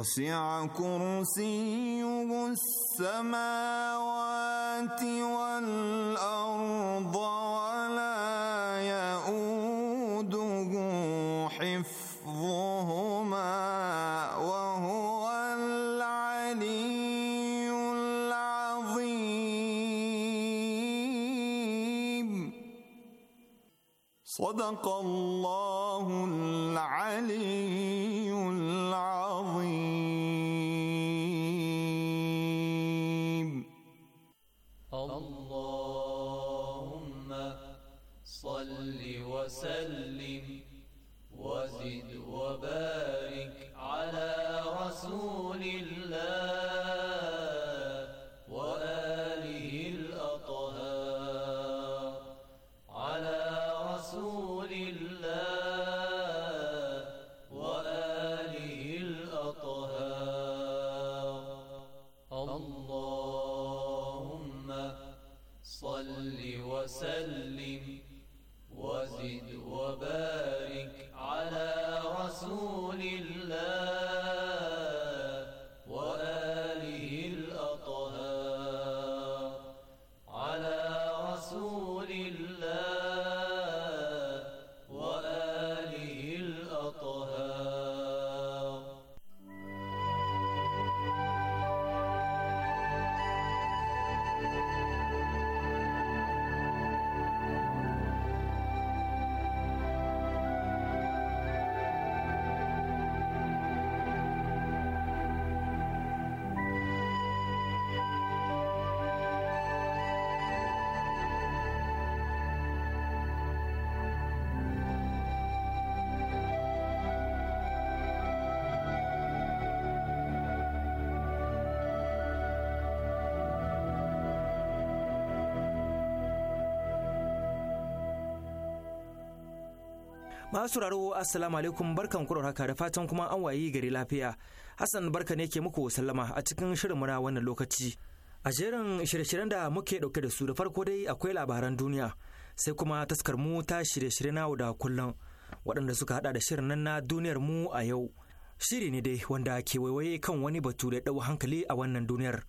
وسع كرسيه السماوات masu raro assalamu alaikum barkan kuro haka da fatan kuma an wayi gari lafiya hassan barka ne ke muku sallama a cikin shirin mura wannan lokaci a jerin shirye-shiryen da muke dauke da su da farko dai akwai labaran duniya sai kuma taskar mu ta shirye-shirye na da kullum waɗanda suka hada da shirin nan na duniyar mu a yau shiri ne dai wanda ke waiwaye kan wani batu da ɗau hankali a wannan duniyar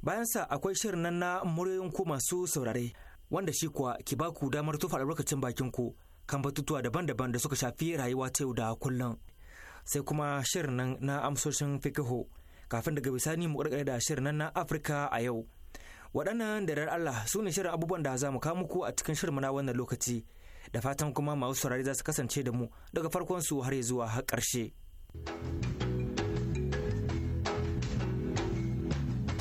bayan sa akwai shirin nan na muryoyin ku masu saurare wanda shi kuwa ki baku damar tufa albarkacin bakin ku kan batutuwa daban-daban da suka shafi rayuwa ta yau da kullum sai kuma shirin nan na amsoshin fikihu kafin daga bisani mu karkare da shirin nan na afirka a yau waɗannan da Allah su ne shirin abubuwan da za mu kawo muku a cikin shirin na wannan lokaci da fatan kuma masu saurari za su kasance da mu daga farkon su har zuwa har ƙarshe.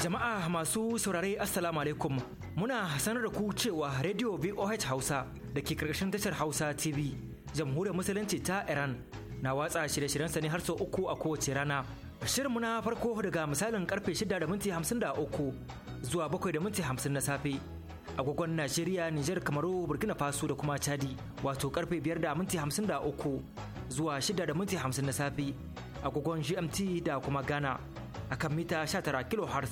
Jama'a masu saurari Assalamu alaikum muna sanar da ku cewa Radio VOH Hausa da ke karkashin tashar Hausa TV jamhuriyar musulunci ta Iran na watsa shirye-shiryensa ne har sau uku a kowace rana. Shirinmu na farko daga misalin karfe 6 da minti uku, zuwa bakwai da minti hamsin na safe. Agogon Najeriya, Nijar, Kamaru, Burkina Faso da kuma Chadi wato karfe biyar da minti uku, zuwa 6 da minti hamsin na safe. Agogon GMT da kuma Ghana akan mita 19 kHz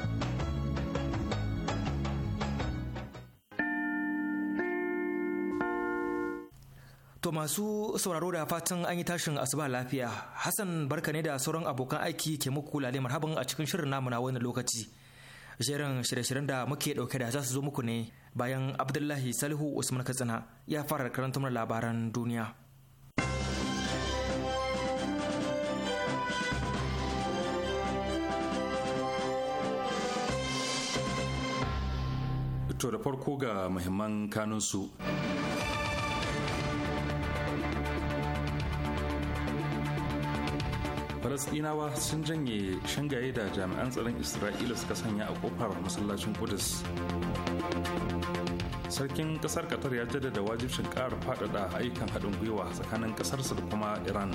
To masu sauraro da fatan an yi tashin asuba lafiya. Hassan barka ne da sauran abokan aiki ke muku lale marhaban a cikin shirin namu na wannan lokaci. Jerin shirye-shiryen da muke dauke da za su zo muku ne bayan Abdullahi Salihu Usman Katsina ya fara karanta mana labaran duniya. To da farko ga muhimman kanunsu. su. falasɗinawa sun janye shingaye da jami'an tsaron isra'ila suka sanya a kofar masallacin kudus sarkin ƙasar qatar ya jaddada wajibcin ƙara faɗaɗa ayyukan haɗin gwiwa tsakanin ƙasarsa da kuma iran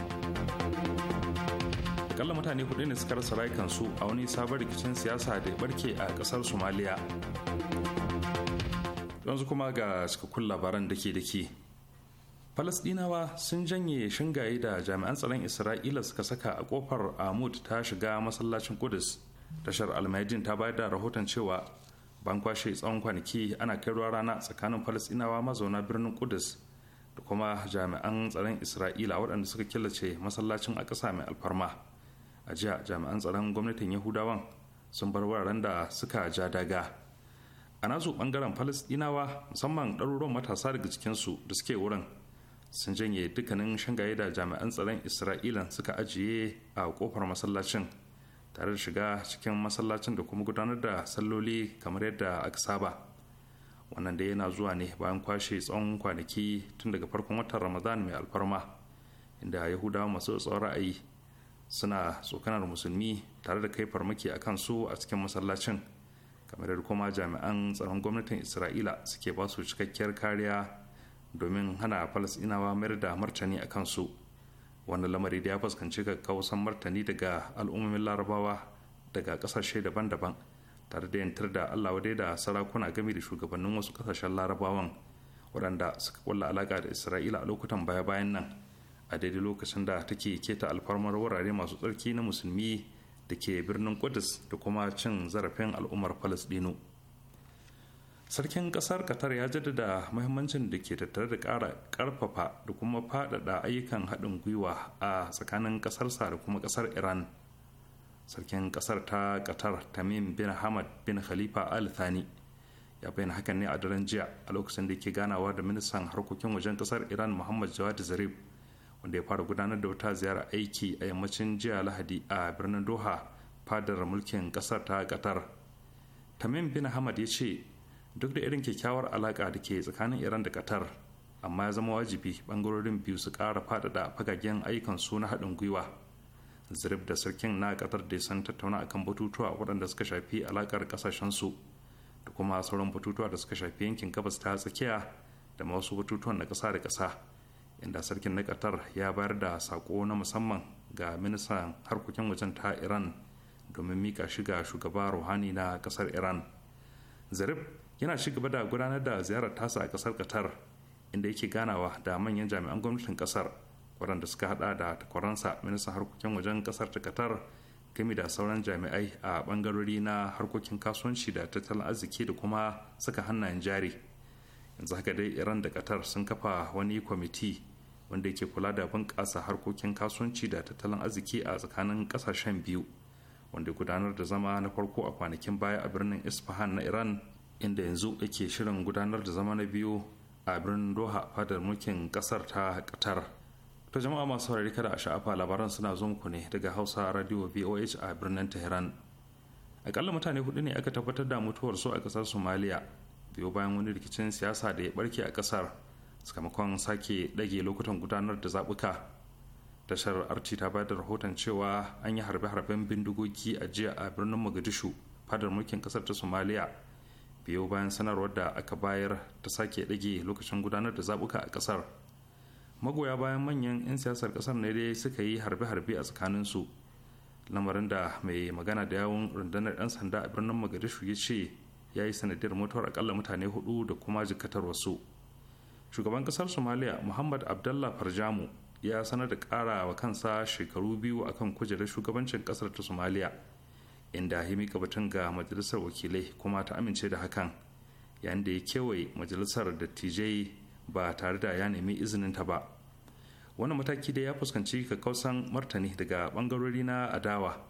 kalla mutane hudu ne suka rasa rayukansu a wani sabon rikicin siyasa da ya barke a ƙasar somaliya yanzu kuma ga cikakkun labaran dake-dake falasdinawa sun janye shingaye da jami'an tsaron isra'ila suka saka a kofar amud ta shiga masallacin kudus tashar almaidin ta bayar da rahoton cewa ban kwashe tsawon kwanaki ana kai ruwa rana tsakanin falasdinawa mazauna birnin kudus da kuma jami'an tsaron isra'ila waɗanda suka killace masallacin a ƙasa mai alfarma a jiya jami'an tsaron gwamnatin yahudawan sun bar wuraren da suka ja daga a nasu ɓangaren falasdinawa musamman ɗaruruwan matasa daga cikinsu da suke wurin sun janye dukkanin shangaye da jami'an tsaron isra'ila suka ajiye a kofar masallacin tare da shiga cikin masallacin da kuma gudanar da salloli kamar yadda aka saba wannan da yana zuwa ne bayan kwashe tsawon kwanaki tun daga farkon watan ramadan mai alfarma inda yahudawa masu tsawon ra'ayi suna tsokanar musulmi tare da kai farmaki a kansu a cikin masallacin kamar yadda kuma jami'an tsaron gwamnatin isra'ila suke ba su cikakkiyar kariya domin hana falasinawa mayar da martani a kansu wannan lamari da ya fuskanci kakkausan martani daga al'ummomin larabawa daga kasashe daban-daban tare da yantar da allah wadai da sarakuna game da shugabannin wasu kasashen larabawan waɗanda suka kulla alaƙa da isra'ila a lokutan baya-bayan nan a daidai lokacin da take keta alfarmar wurare masu tsarki na musulmi da ke birnin kudus da kuma cin zarafin al'ummar falasɗinu sarkin kasar qatar ya jaddada mahimmancin da ke tattare da kara ƙarfafa da kuma faɗaɗa ayyukan haɗin gwiwa a tsakanin ƙasarsa da kuma ƙasar iran sarkin ƙasar ta qatar tamim bin hamad bin khalifa al thani ya bayyana hakan ne a daren jiya a lokacin da ke ganawa da ministan harkokin wajen ƙasar iran muhammad jawad zarif wanda ya fara gudanar da wata ziyara aiki a yammacin jiya lahadi a birnin doha fadar mulkin ƙasar ta qatar tamim bin hamad ya ce duk da irin kyakkyawar alaƙa da ke tsakanin iran da qatar amma ya zama wajibi bangarorin biyu su ƙara faɗaɗa fagagen ayyukan su na haɗin gwiwa zirif da sarkin na qatar da san tattauna akan batutuwa waɗanda suka shafi alaƙar ƙasashen da kuma sauran batutuwa da suka shafi yankin gabas ta tsakiya da wasu batutuwan na ƙasa da ƙasa inda sarkin na qatar ya bayar da saƙo na musamman ga ministan harkokin wajen ta iran domin mika shiga shugaba ruhani na ƙasar iran zarif yana ci gaba da gudanar da ziyarar tasa a kasar qatar inda yake ganawa da manyan jami'an gwamnatin kasar waɗanda suka hada da takwaransa ministan harkokin wajen kasar ta qatar gami da sauran jami'ai a bangarori na harkokin kasuwanci da tattalin arziki da kuma saka hannayen jari yanzu haka dai iran da qatar sun kafa wani kwamiti wanda yake kula da bunƙasa harkokin kasuwanci da tattalin arziki a tsakanin ƙasashen biyu wanda gudanar da zama na farko a kwanakin baya a birnin isfahan na iran inda yanzu ake shirin gudanar da zama na biyu a birnin doha fadar mulkin kasar ta qatar ta jama'a masu harari kada a sha'afa labaran suna zo muku ne daga hausa radio voh a birnin tehran akalla mutane hudu ne aka tabbatar da mutuwar su a kasar somaliya biyo bayan wani rikicin siyasa da ya barke a kasar sakamakon sake dage lokutan gudanar da zaɓuka tashar arci ta bayar da rahoton cewa an yi harbe-harben bindigogi a jiya a birnin mogadishu fadar mulkin kasar ta somaliya biyo bayan sanarwar da aka bayar ta sake ɗage lokacin gudanar da zaɓuka a ƙasar magoya bayan manyan 'yan siyasar ƙasar ne dai suka yi harbe-harbe a tsakaninsu lamarin da mai magana da yawon rundunar 'yan sanda a birnin magadishu ya ce ya yi sanadiyar mutuwar akalla mutane hudu da kuma jikatar wasu shugaban ƙasar somaliya muhammad abdallah farjamu ya sanar da ƙara wa kansa shekaru biyu akan kujerar shugabancin ƙasar ta somaliya inda ya mika batun ga majalisar wakilai kuma ta amince da hakan yayin da ya kewaye majalisar dattijai ba tare da ya nemi izinin ta ba wani mataki da ya fuskanci kakkausan martani daga bangarori na adawa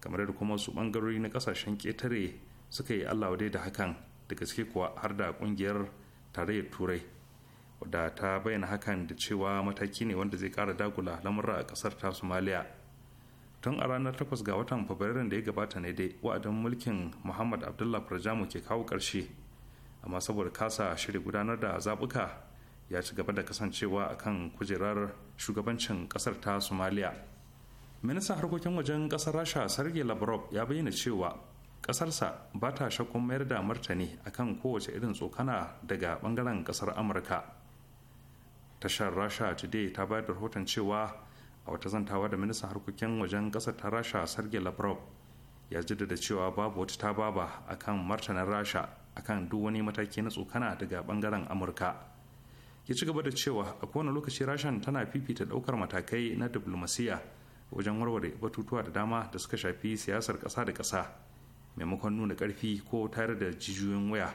kamar da kuma su bangarori na kasashen ketare suka yi allah da hakan da gaske kuwa har da kungiyar tarayyar turai wadda ta bayyana hakan da cewa mataki ne wanda zai kara dagula lamurra a kasar ta somalia tun a ranar 8 ga watan fabrairun da ya gabata ne dai wa'adin mulkin muhammad abdullah farjamu ke kawo ƙarshe amma saboda kasa shirya gudanar da zabuka ya ci gaba da kasancewa a kan kujerar shugabancin kasar ta somaliya ministan harkokin wajen kasar rasha sergei lavrov ya bayyana cewa kasarsa ba ta shakkun mayar da martani a kan kowace irin tsokana daga bangaren kasar amurka tashar rasha today ta bayar da rahoton cewa a wata zantawa da ministan harkokin wajen ƙasar ta rasha sergei lavrov ya jaddada cewa babu wata ta baba akan martanin rasha akan duk wani mataki na tsokana daga bangaren amurka ya ci gaba da cewa a kowane lokaci rashan tana fifita daukar matakai na diplomasiya wajen warware batutuwa da dama da suka shafi siyasar kasa da kasa maimakon nuna karfi ko tare da jijiyoyin waya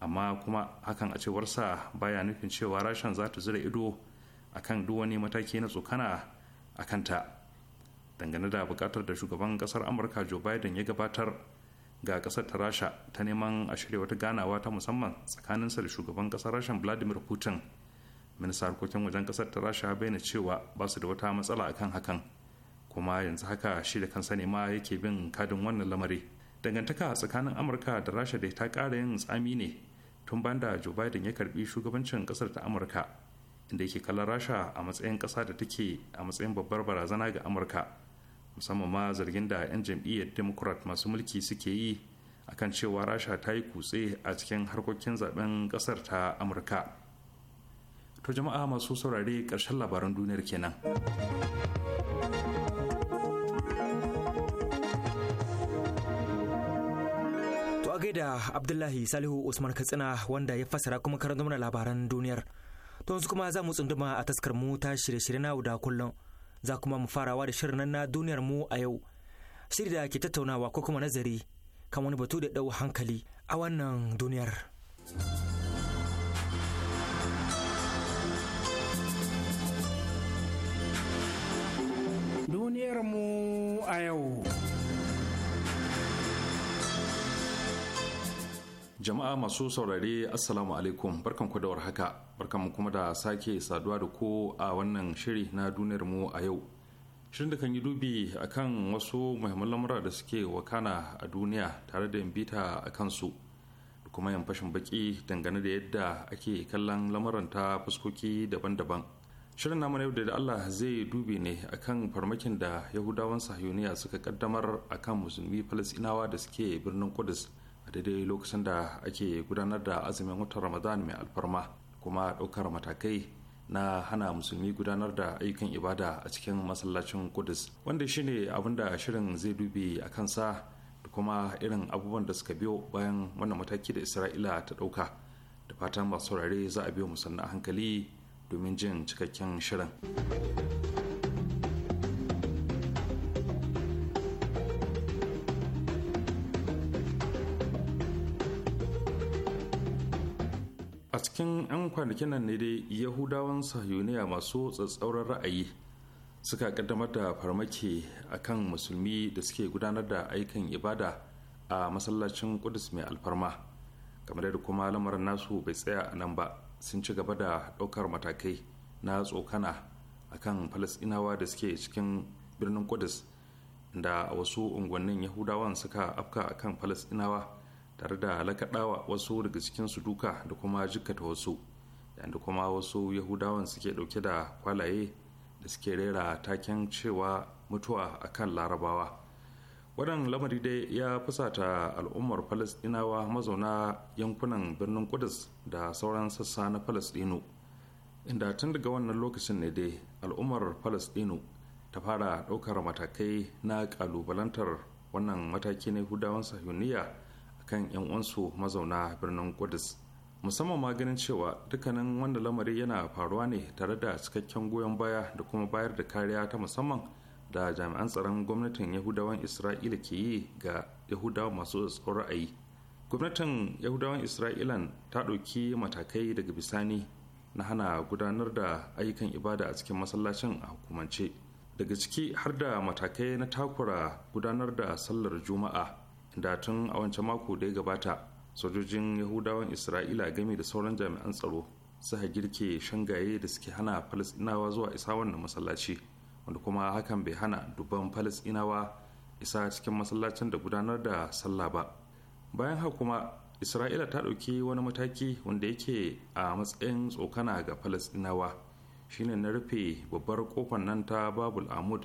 amma kuma hakan a cewar cewarsa baya nufin cewa rashan za ta zura ido akan duk wani mataki na tsokana a kanta dangane da bukatar da shugaban kasar amurka joe biden ya gabatar ga kasar ta rasha ta neman a shirya wata ganawa ta musamman tsakaninsa da shugaban kasar rashan vladimir putin minista harkokin wajen kasar ta rasha bayyana cewa ba su da wata matsala akan hakan kuma yanzu haka shi da kansa ne ma yake bin kadin wannan lamari dangantaka tsakanin amurka da rasha da ta kara yin tsami ne tun banda joe biden ya karbi shugabancin kasar ta amurka inda yake kallon rasha a matsayin kasa da take a matsayin babbar barazana ga amurka musamman ma zargin da 'yan jam'iyyar democrat masu mulki suke yi a kan cewa rasha ta yi kutse a cikin harkokin zaben kasar ta amurka to jama'a masu saurare karshen labaran duniyar kenan to a gaida abdullahi salihu usman katsina wanda ya fassara kuma karanta mana labaran duniyar To yanzu kuma za mu tsunduma a taskar mu ta shirye-shirye na da kullum. Za kuma mu farawa da shirin nan na duniyar mu a yau. Shiri da ke tattaunawa ko kuma nazari kan wani batu da ɗau hankali a wannan duniyar. Duniyar mu a yau. Jama'a masu saurare Assalamu alaikum barkan ku da warhaka barkan mu kuma da sake saduwa da ko a wannan shiri na duniyar mu a yau. Shirin da kan yi dubi akan wasu muhimman lamura da suke wakana a duniya tare da bita a kansu da kuma yan fashin baki dangane da yadda ake kallon lamuran ta fuskoki daban-daban. Shirin namu yau da Allah zai dubi ne akan farmakin da Yahudawan Sahiyoniya suka kaddamar akan musulmi Falasinawa da suke birnin Kudus a daidai lokacin da ake gudanar da azumin watan ramadan mai alfarma kuma ɗaukar matakai na hana musulmi gudanar da ayyukan ibada a cikin masallacin kudus wanda shine abin da shirin zai dubi a kansa da kuma irin abubuwan da suka biyo bayan wannan mataki da isra'ila ta ɗauka da fatan masu saurare za a biyo musanna hankali domin jin cikakken shirin. a cikin 'yan kwanakin nan ne dai yahudawan sahiyoniya masu tsatsauran ra'ayi suka kaddamar da farmaki a kan musulmi da suke gudanar da aikin ibada a masallacin kudus mai alfarma kamar da kuma lamarin nasu bai tsaya a nan ba sun ci gaba da ɗaukar matakai na tsokana a kan falasɗinawa da suke cikin birnin kudus da wasu unguwannin yahudawan suka afka a kan falasɗinawa tare da lakaɗawa wasu daga cikinsu duka da kuma jikkata wasu da kuma wasu yahudawan suke ɗauke da kwalaye da suke rera taken cewa mutuwa a kan larabawa wannan lamari dai ya fusata al'ummar falasɗinawa mazauna yankunan birnin kudus da sauran sassa na falasɗinu inda tun daga wannan lokacin ne dai al'ummar falasɗinu ta fara ɗaukar matakai na ƙalubalantar wannan mataki na yahudawan sahuniya kan 'yan uwansu mazauna birnin Kudus. Musamman ma ganin cewa dukkanin wanda lamari yana faruwa ne tare da cikakken goyon baya da kuma bayar da kariya ta musamman da jami'an tsaron gwamnatin Yahudawan Isra'ila ke yi ga Yahudawa masu tsoron ra'ayi. Gwamnatin Yahudawan Isra'ilan ta ɗauki matakai daga bisani na hana gudanar da ayyukan ibada a cikin masallacin a hukumance daga ciki har da matakai na takura gudanar da sallar juma'a da tun a wancan mako da ya gabata sojojin yahudawan isra'ila game da sauran jami'an tsaro suka girke shangaye da suke hana falasɗinawa zuwa isa wannan masallaci wanda kuma hakan bai hana dubban falasɗinawa isa cikin masallacin da gudanar da sallah ba bayan haka kuma isra'ila ta ɗauki wani mataki wanda yake a matsayin tsokana ga falasɗinawa shine na rufe babbar kofar nan ta babul amud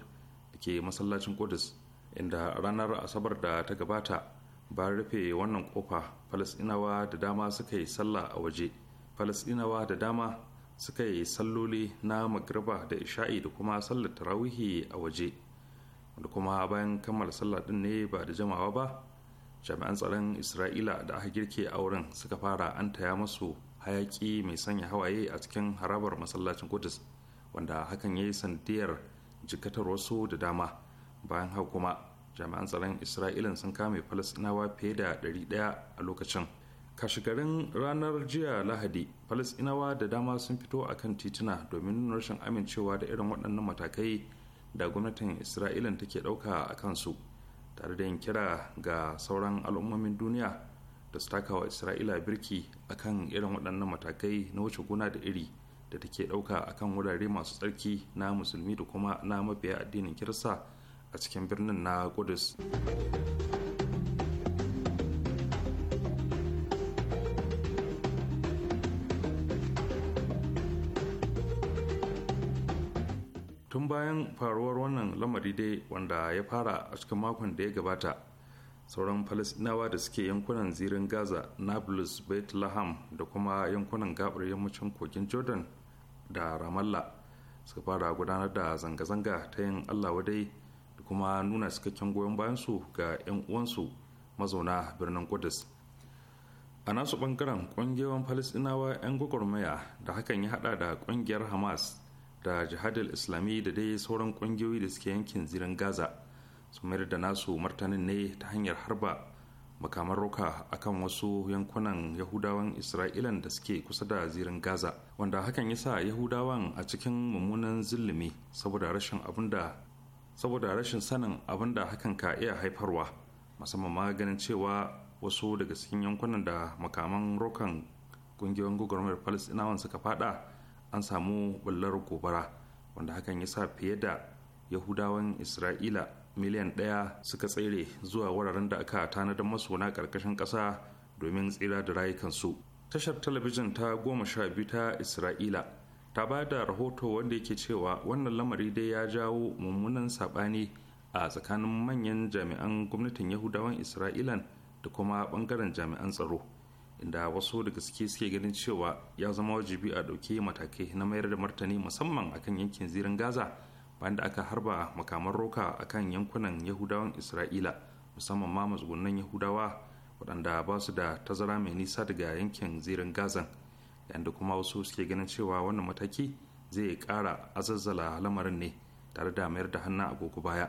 da ke masallacin kudus inda ranar asabar da ta gabata bayan rufe wannan kofa Falasɗinawa da dama suka yi sallah a waje Falasɗinawa da dama suka yi salloli na magriba da isha'i da kuma sallar tarawihi a waje da kuma bayan kammala sallah din ne ba da jamawa ba jami'an tsaron isra'ila da aka girke a wurin suka fara an taya masu hayaki mai sanya hawaye a cikin harabar masallacin kudus wanda hakan ya yi sandiyar jikatar wasu da dama bayan hau kuma jami'an tsaron isra'ila sun kame falasinawa fiye da 100 a lokacin kashigarin ranar jiya lahadi falasinawa da dama sun fito a kan tituna domin nuna rashin amincewa da irin waɗannan matakai da gwamnatin isra'ila take ɗauka a kansu tare da yin kira ga sauran al'ummomin duniya da su taka wa isra'ila birki a kan irin waɗannan matakai na wuce gona da iri da take ɗauka a kan wurare masu tsarki na musulmi da kuma na mabiya addinin kirista a cikin birnin na Kudus. tun bayan faruwar wannan lamari dai wanda ya fara a cikin makon da ya gabata sauran falasinawa da suke yankunan zirin gaza nablus bethlehem da kuma yankunan gabar yammacin kogin jordan da ramallah suka fara gudanar da zanga-zanga ta yin allah wadai kuma nuna cikakken goyon bayansu ga 'yan uwansu mazauna birnin Kudus. A nasu bangaren kungiyoyin Falasɗinawa 'yan gwagwarmaya da hakan ya hada da kungiyar Hamas da jihadil Islami da dai sauran kungiyoyi da suke yankin zirin Gaza su mayar da nasu martanin ne ta hanyar harba makamar roka akan wasu yankunan yahudawan isra'ilan da suke kusa da zirin gaza wanda hakan ya sa yahudawan a cikin mummunan zillumi saboda rashin abin da saboda rashin sanin abin da hakan ka iya haifarwa musamman ma ganin cewa wasu daga cikin yankunan da makaman rokan kungiyoyin gwagwarmayar palestinawan suka fada an samu bullar gobara wanda hakan ya sa fiye da yahudawan isra'ila miliyan ɗaya suka tsere zuwa wuraren da aka tanadar masu na ƙarƙashin ƙasa domin tsira da rayukansu tashar talabijin ta goma sha biyu ta isra'ila ta ba da rahoto wanda yake cewa wannan lamari dai ya jawo mummunan saɓani a tsakanin manyan jami'an gwamnatin yahudawan isra'ilan da kuma ɓangaren jami'an tsaro inda wasu daga suke suke ganin cewa ya zama wajibi a ɗauki matakai na mayar da martani musamman akan yankin zirin gaza bayan da aka harba makaman roka akan yankunan yahudawan isra'ila musamman ma matsugunan yahudawa waɗanda ba su da tazara mai nisa daga yankin zirin gazan yadda kuma wasu suke ganin cewa wannan mataki zai kara azazzala lamarin ne tare da mayar da hannun agogo baya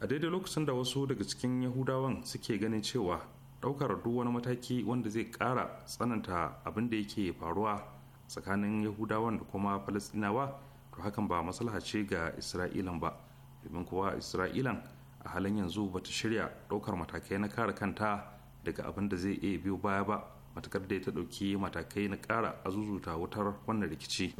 a daidai lokacin da wasu daga cikin yahudawan suke ganin cewa ɗaukar duk wani mataki wanda zai kara tsananta abin da yake faruwa tsakanin yahudawan da kuma falastinawa to hakan ba maslaha ce ga isra'ilan ba domin kuwa isra'ilan a halin yanzu bata shirya ɗaukar matakai na kare kanta daga abin da zai iya biyo baya ba matakar dai ta ɗauki matakai na ƙara azuzuta wutar wannan rikici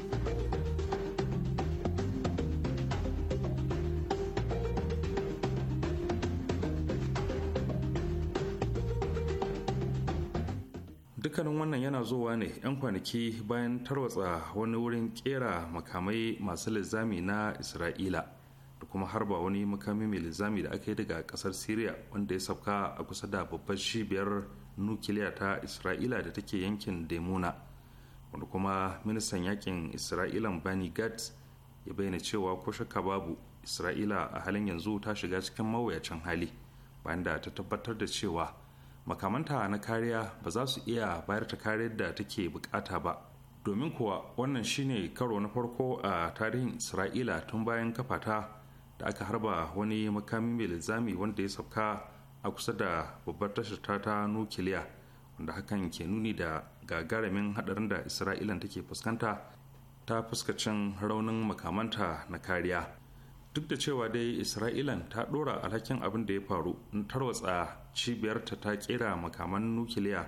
dukkanin wannan yana zowa ne 'yan kwanaki bayan tarwatsa wani wurin kera makamai masu lizami na isra'ila da kuma harba wani makami mai lizami da aka yi daga kasar syria wanda ya sauka a kusa da babbar cibiyar nukiliya ta isra'ila da take yankin demona wanda kuma ministan yakin isra'ilan bani gat ya bayyana cewa ko shakka babu isra'ila a halin yanzu ta shiga cikin mawuyacin hali bayan da ta tabbatar da cewa makamanta na kariya ba za su iya bayar ta kariyar da take bukata ba domin kuwa wannan shine karo na farko a tarihin isra'ila tun bayan kafata da aka harba wani makami mai linzami wanda ya sauka a kusa da babbar tashar ta ta nukiliya wanda hakan ke nuni da gagaramin hadarin da isra'ilan take fuskanta ta fuskacin raunin makamanta na kariya duk da cewa dai isra'ilan ta dora alhakin abin da ya faru in tarwatsa cibiyarta ta kera makaman nukiliya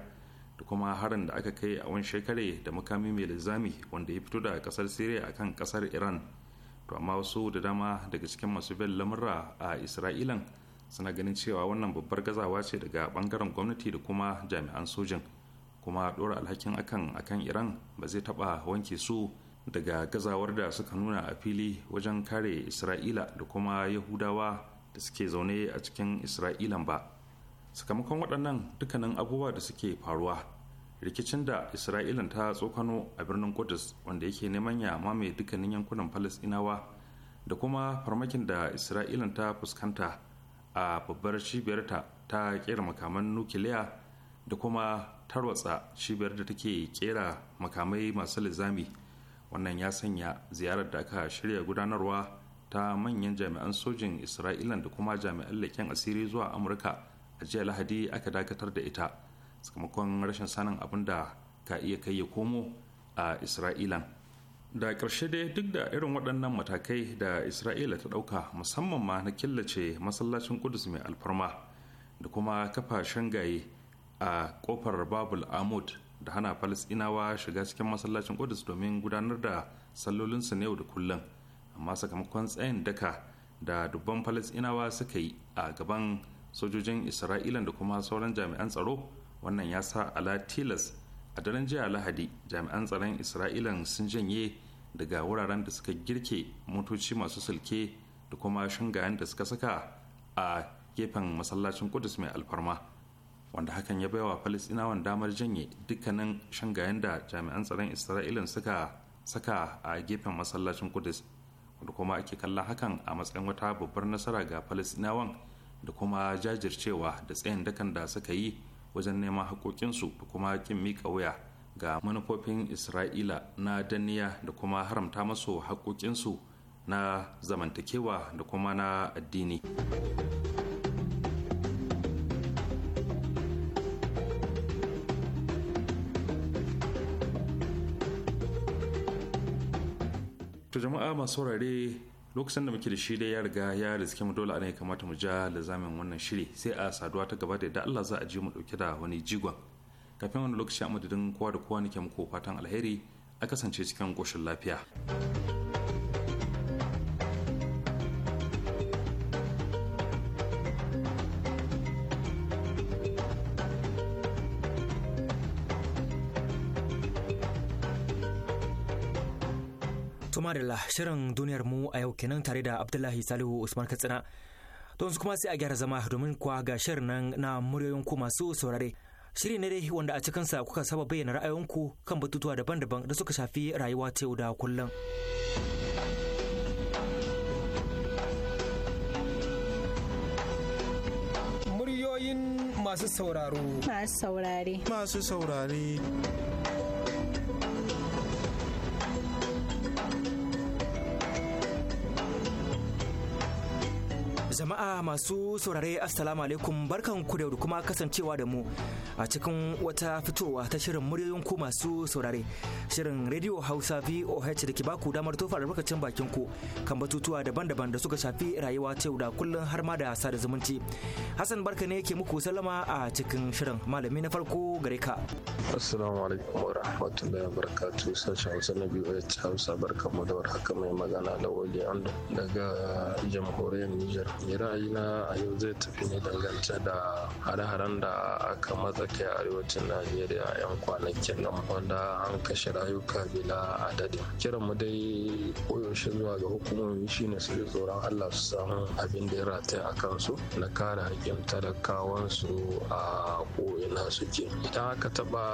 da kuma harin da aka kai a wani shekare da makami mai lizami wanda ya fito da kasar siriya akan kasar iran to amma wasu da dama daga cikin masu bin lamurra a isra'ilan suna ganin cewa wannan babbar gazawa ce daga bangaren gwamnati da kuma jami'an sojin kuma dora alhakin akan akan iran ba zai taba wanke su daga gazawar da suka nuna a fili wajen kare isra'ila da kuma yahudawa da suke zaune a cikin isra'ilan ba sakamakon waɗannan dukkanin abubuwa da suke faruwa rikicin da isra'ilan ta tsokano a birnin kudus wanda yake neman ya mamaye dukkanin yankunan falasɗinawa da kuma farmakin da isra'ilan ta fuskanta a babbar cibiyarta ta kera makaman nukiliya da kuma tarwatsa cibiyar da take kera makamai masu lizami wannan ya sanya ziyarar da aka shirya gudanarwa ta manyan jami'an sojin isra'ilan da kuma jami'an leken asiri zuwa amurka a jiya lahadi aka dakatar da ita sakamakon rashin sanin abin da ka iya kai ya komo a isra'ilan da ƙarshe dai duk da irin waɗannan matakai da isra'ila ta ɗauka musamman ma na killace masallacin kudus mai alfarma da kuma kafa shangaye a ƙofar babul amud da hana falasɗinawa shiga cikin masallacin kudus domin gudanar da sallolinsu na yau da kullum amma sakamakon tsayin daka da dubban falasɗinawa suka yi a gaban sojojin isra'ila da kuma sauran jami'an tsaro wannan ya sa ala tilas a daren jiya lahadi jami'an tsaron isra'ilan sun janye daga wuraren da suka girke motoci masu sulke da kuma shingayen da suka saka a gefen masallacin kudus mai alfarma wanda hakan ya baiwa falastinawan damar janye dukkanin shingayen da jami'an tsaron isra'ila suka saka a gefen masallacin kudus wanda kuma ake kallon hakan a matsayin wata babbar nasara ga falastinawan da kuma jajircewa da tsayin dakan da suka yi wajen neman haƙoƙinsu da kuma kin miƙa wuya ga manufofin isra'ila na danniya da kuma haramta masu haƙoƙinsu na zamantakewa da kuma na addini to jama'a masu saurare lokacin da muke da shi dai ya riga ya riske mu dole ana kamata mu ja da zamin wannan shiri sai a saduwa ta gaba da Allah za a ji mu dauke da wani jigon kafin wani lokaci a madadin kowa da kowa nake muku fatan alheri a kasance cikin ƙoshin lafiya. Tumarila shirin duniyar mu a yau kenan tare da Abdullahi Salihu Usman Katsina. Don su kuma sai a gyara zama domin kwa ga shirin nan na muryoyin ku masu saurare. Shiri ne dai wanda a cikinsa kuka saba bayyana ra'ayoyinku kan batutuwa daban-daban da suka shafi rayuwa ta yau da kullum. Muryoyin masu sauraro. Masu saurare. Masu saurare. Jama'a masu saurare Assalamu alaikum barkan da kuma kasancewa da mu a cikin wata fitowa ta shirin muryoyin ku masu saurare. Shirin Radio Hausa VOH da ke baku damar tofa albarkacin bakin ku kan batutuwa daban-daban da suka shafi rayuwa ta yau da kullum har ma da sada zumunci. Hassan barka ne ke muku salama a cikin shirin malami na farko gare ka. Assalamu alaikum wa rahmatullahi wa barakatuh sashen Hausa na VOH Hausa barkan mu da warhaka mai magana da wajen daga jamhuriyar Nijar. ni ra'ayina a yau zai tafi ne dangance da hare-haren da aka matsa a arewacin najeriya yan kwanakin nan wanda an kashe rayuka bila adadin kiran mu dai koyaushe zuwa ga hukumomi shine su yi tsoron allah su samu abin da ya rataya a kansu na kare haƙƙin talakawansu a ko'ina suke idan aka taɓa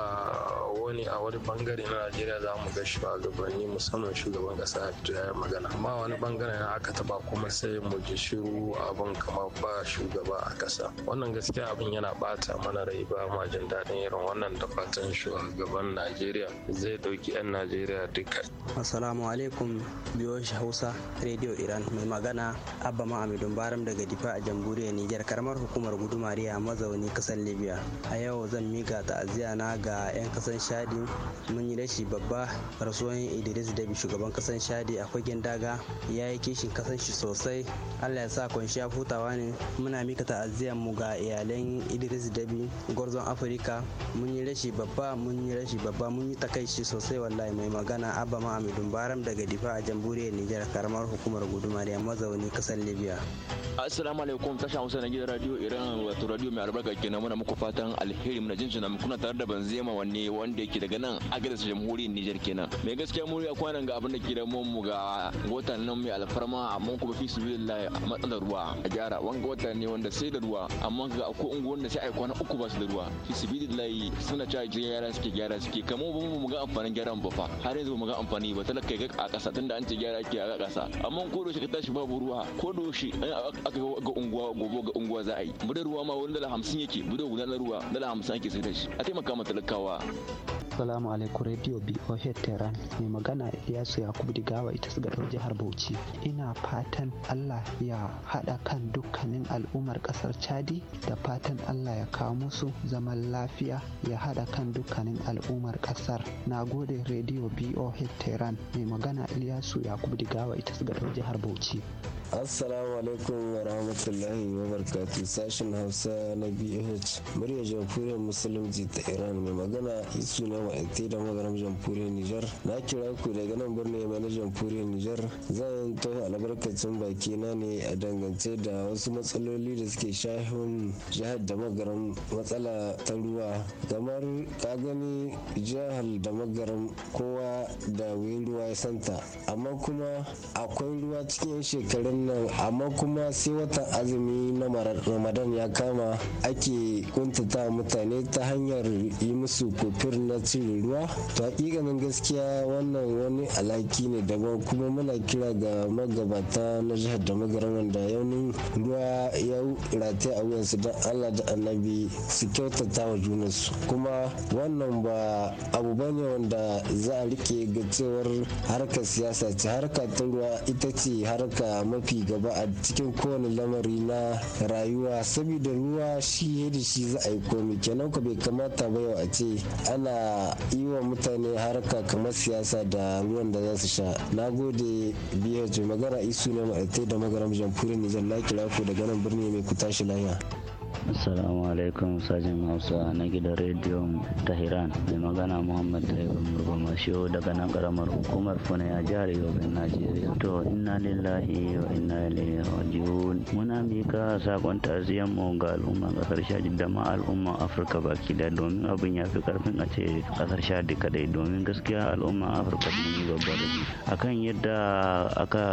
wani a wani bangare na najeriya za mu ga shugabanni musamman shugaban ƙasa ya magana amma wani bangare aka taɓa kuma sai mu ji shiru abin kamar ba shugaba a ƙasa wannan gaskiya abin yana bata mana rai ba ma jin daɗin irin wannan da fatan shugaban najeriya zai ɗauki 'yan najeriya duka assalamu alaikum biyoshi hausa radio iran mai magana abba ma'amidun baram daga difa a jamhuriyar niger karamar hukumar gudumariya mazauni kasar libya a yau zan mika ta'aziyya na ga 'yan kasan shadi mun yi rashi babba rasuwan idris da shugaban kasan shadi akwai daga ya yi kishin kasan shi sosai allah ya sa kun ya hutawa ne muna mika ta'aziyyar mu ga iyalan Idris Dabi gwarzon Afirka mun yi rashi babba mun yi rashi babba mun yi takaici sosai wallahi mai magana Abba Ma'amidun Baram daga Difa a jamhuriyar Nijar karamar hukumar guduma da mazauni kasar Libya. Assalamu alaikum tasha Hausa na gidan radio Iran wato radio mai albarka kenan muna muku fatan alheri muna jinjina mu kuna tare da Banzema wanne wanda yake daga nan a Agadez jamhuriyar Nijar kenan. Mai gaskiya ya kwanan ga abin da ke da mu ga wata nan mai alfarma amma kuma fi su billahi matsalar ruwa ruwa a gyara wanga wata ne wanda sai da ruwa amma ga ko unguwan da sai ai kwana uku ba su da ruwa fi sibidillahi suna cewa gyara suke gyara suke kamo ba mu ga amfanin gyaran ba fa har yanzu mu ga amfani ba talaka ga a kasa tunda an ce gyara ake a kasa amma ko da shi ka tashi babu ruwa ko da shi aka ga unguwa gobe ga unguwa za a yi da ruwa ma wani dala hamsin yake budar guda na ruwa dala hamsin ake sai da shi a taimaka ma talakawa Assalamu alaikum Radio BOH Tehran mai magana ya Yakubu Digawa ita su jihar Bauchi ina fatan Allah ya haɗa da kan dukkanin al'ummar ƙasar chadi da fatan allah ya kawo musu zaman lafiya ya haɗa kan dukkanin al'ummar ƙasar na gode rediyo boh tehran mai magana ilyasu yakubu digawa ita su jihar bauchi assalamu alaikum wa rahmatullahi wa barkatu sashen hausa na bh murya jamhuriyar musulunci ta iran mai magana isu na ma'aikatai da magaram jamhuriyar nijar na kira ku daga nan birnin mai na jamhuriyar nijar zan ta albarkacin baki na ne a dangance da wasu matsaloli da suke shahin jihar da magaram matsala ta ruwa kamar ka gani jihar da magaram kowa da ruwa ya santa amma kuma akwai ruwa cikin shekarun nan amma kuma sai watan azumi na ramadan ya kama ake kuntata mutane ta hanyar yi musu kofir na cire ruwa to hakikanin gaskiya wannan wani alaki ne daban kuma muna kira ga magabata na jihar da magaranar da yaunin ruwa ya rataya a wuyansu don allah da annabi su kyautata wa junansu kuma wannan ba abu ne wanda za a rike ga cewar harkar siyasa ce harka ta ruwa ita ce harka mafi mafi gaba a cikin kowane lamari na rayuwa saboda ruwa shi da shi za a yi komi kenan ku bai kamata ba yau a ce ana yi wa mutane harka kamar siyasa da ruwan da za su sha na gode biyar magana isu ne ma'aikatai da magaram jamhuriyar nijar na daga nan birni mai ku tashi lahiya. Assalamu alaikum sajin Hausa na gidan rediyon Tahiran mai magana Muhammad murba masho daga nan karamar hukumar Fune a jihar Yobe Najeriya. To inna lillahi wa inna ilaihi raji'un. Muna mika sakon ta'aziyar mu ga al'umma kasar Shadi da ma al'umma Afirka baki da domin abin ya fi karfin a ce kasar Shadi kadai domin gaskiya al'umma Afirka sun yi babba da Akan yadda aka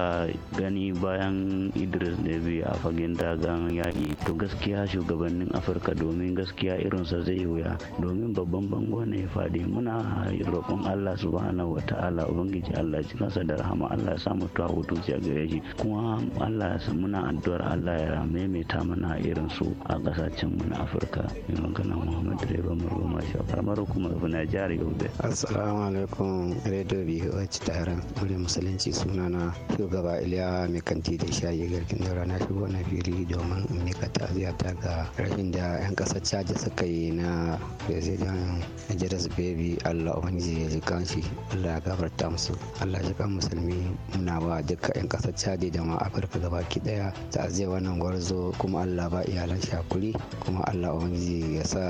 gani bayan Idris Deby a fagen dagan yaƙi to gaskiya shugaban shugabannin afirka domin gaskiya irinsa zai wuya domin babban bango ne ya faɗi muna roƙon allah subhanahu wa ta'ala ubangiji allah ci kansa da rahama allah ya samu tuwa hutu a gare shi kuma allah ya muna addu'ar allah ya ta mana irin su a ƙasashen mu na afirka mai magana muhammad direba murgo mashi karamar hukumar na jihar yobe assalamu alaikum radio biyu taron wani musulunci na shugaba iliya mai kanti da shayi garkin daura na shigo na fili domin in mika ta'aziyya ta ga rabin da 'yan kasar caji suka yi na president jiras baby allah ubangiji ya ji kanshi allah ya gabarta musu allah ya kan musulmi muna ba duka 'yan kasar caji da ma afirka gaba ki daya ta zai wannan gwarzo kuma allah ba iyalan shakuri kuma allah ubangiji ya sa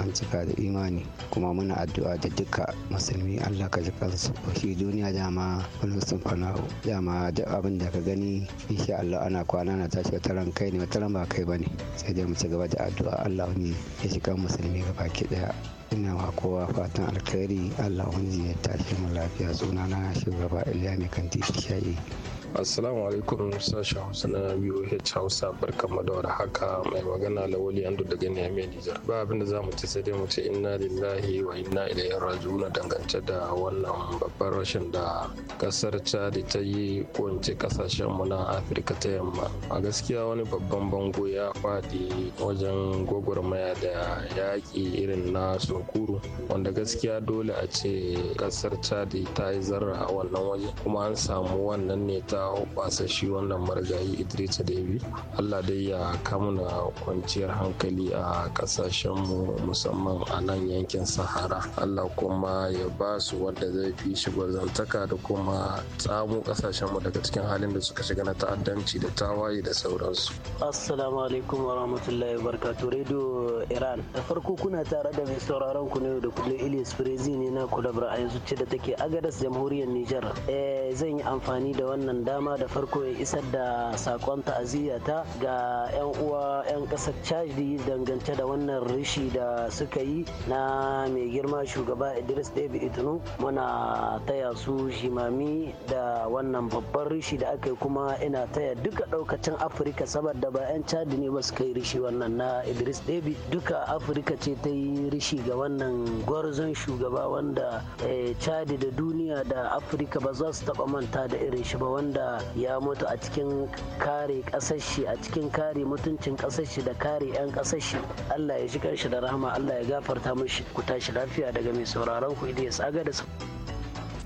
an cika da imani kuma muna addu'a da duka musulmi allah ka ji kansu shi duniya dama wani sun fana dama duk abin da ka gani insha allah ana kwana na tashi wata ran kai ne wata ran ba kai ne sai dai mu ci gaba da addu'a Allah ne ya shiga musulmi ga baki daya ina wa kowa fatan alkhairi Allah wani ya tashi mu lafiya sunana shugaba Iliya mai kanti shayi assalamu alaikum sashen hausa na voh hausa barkanmu da haka mai magana lawali andu daga niamey nijar ba abin za mu ci sai dai mu ce inna lillahi wa inna ilaihi raji'un dangance da wannan babbar rashin da kasar chad ta yi ko in ce kasashen mu na afirka ta yamma a gaskiya wani babban bango ya faɗi wajen gwagwarmaya da yaƙi irin na sunkuru wanda gaskiya dole a ce kasar chad ta yi zarra a wannan waje kuma an samu wannan ne ta hoɓasa shi wannan marigayi idrisa debi allah dai ya kamuna kwanciyar hankali a kasashen ƙasashenmu musamman a nan yankin sahara allah kuma ya ba su wanda zai fi shi gwarzantaka da kuma tsamo mu daga cikin halin da suka shiga na ta'addanci da tawaye da sauransu assalamu alaikum wa rahmatullahi wa barakatuh radio iran da farko kuna tare da mai sauraron ku ne da kullum ilis firezi ne na kulabar a yanzu ce da take agadas jamhuriyar nijar eh, zan yi amfani da wannan da dama da farko ya isar da sakon ta'aziyyata ga 'yan uwa 'yan kasar chadi dangance da wannan rishi da suka yi na mai girma shugaba idris david itinu muna taya su shimami da wannan babban rishi da aka yi kuma ina taya duka daukacin afirka saboda ba 'yan chadi ne ba su kai rishi wannan na idris david duka afirka ce ta yi rishi ga wannan gwarzon shugaba wanda eh, chadi da duniya da afirka ba za su taba manta da irin shi ba wanda ya mutu a cikin kare kasashe a cikin kare mutuncin kasashe da kare 'yan kasashe Allah ya shiga shi da rahama Allah ya gafarta mashi ku tashi lafiya daga mai sauraron ku ya tsaga da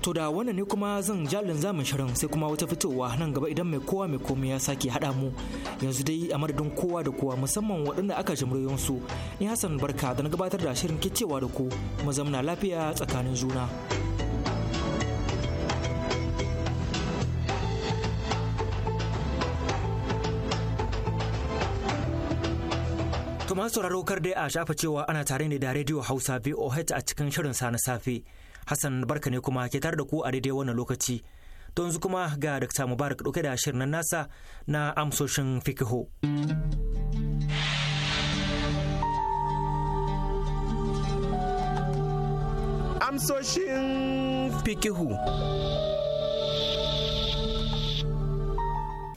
To da wannan ne kuma zan jalin zamin shirin sai kuma wata fitowa nan gaba idan mai kowa mai komai ya sake haɗa mu yanzu dai a madadin kowa da kowa musamman waɗanda aka jimriyon su ni Hassan Barka da na gabatar da shirin kicewa da ku mu zamna lafiya tsakanin juna. kamar sauraro kar dai a shafa cewa ana tare ne da rediyo hausa voh a cikin shirin sa na safe hassan barka ne kuma ke tare da ku a daidai wannan lokaci to yanzu kuma ga dr mubarak dauke da shirin nasa na amsoshin fikiho amsoshin fikihu